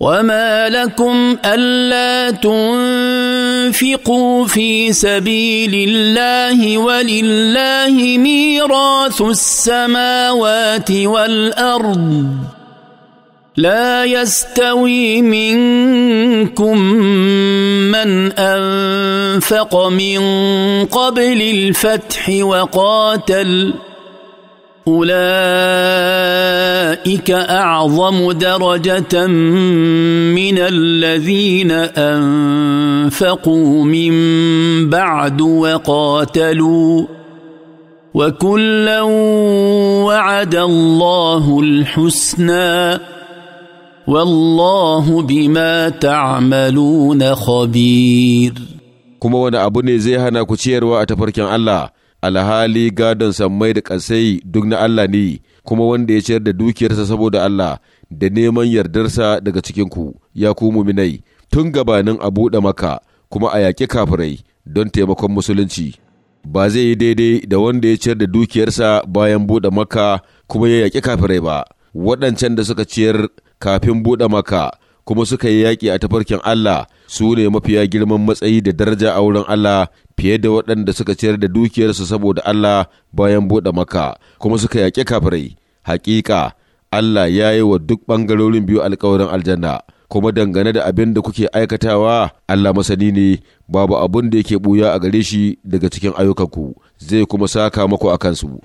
وما لكم الا تنفقوا في سبيل الله ولله ميراث السماوات والارض لا يستوي منكم من انفق من قبل الفتح وقاتل اولئك اولئك اعظم درجه من الذين انفقوا من بعد وقاتلوا وكلا وعد الله الحسنى والله بما تعملون خبير kuma wani abu ne zai hana ku ciyarwa a tafarkin Allah alhali gadon sammai da ƙasai duk na Allah ne kuma wanda ya ciyar da dukiyarsa saboda Allah da neman yardarsa daga cikinku ya ku muminai tun gabanin a buɗe maka kuma a yaƙi kafirai don taimakon musulunci ba zai yi daidai da wanda ya ciyar da dukiyarsa bayan buɗe maka kuma ya yaƙi kafirai ba waɗancan da suka ciyar kafin buɗe maka kuma suka yi yaƙi a tafarkin Allah su ne mafiya girman matsayi da daraja a wurin Allah fiye da waɗanda suka ciyar da dukiyarsu saboda Allah bayan buɗe maka kuma suka yaƙi kafirai hakika Allah ya yi wa duk ɓangarorin biyu alkawarin aljanna kuma dangane da abin da kuke aikatawa Allah masani ne babu abin da yake buya a gare shi daga cikin ayyukanku zai kuma saka maku a kansu.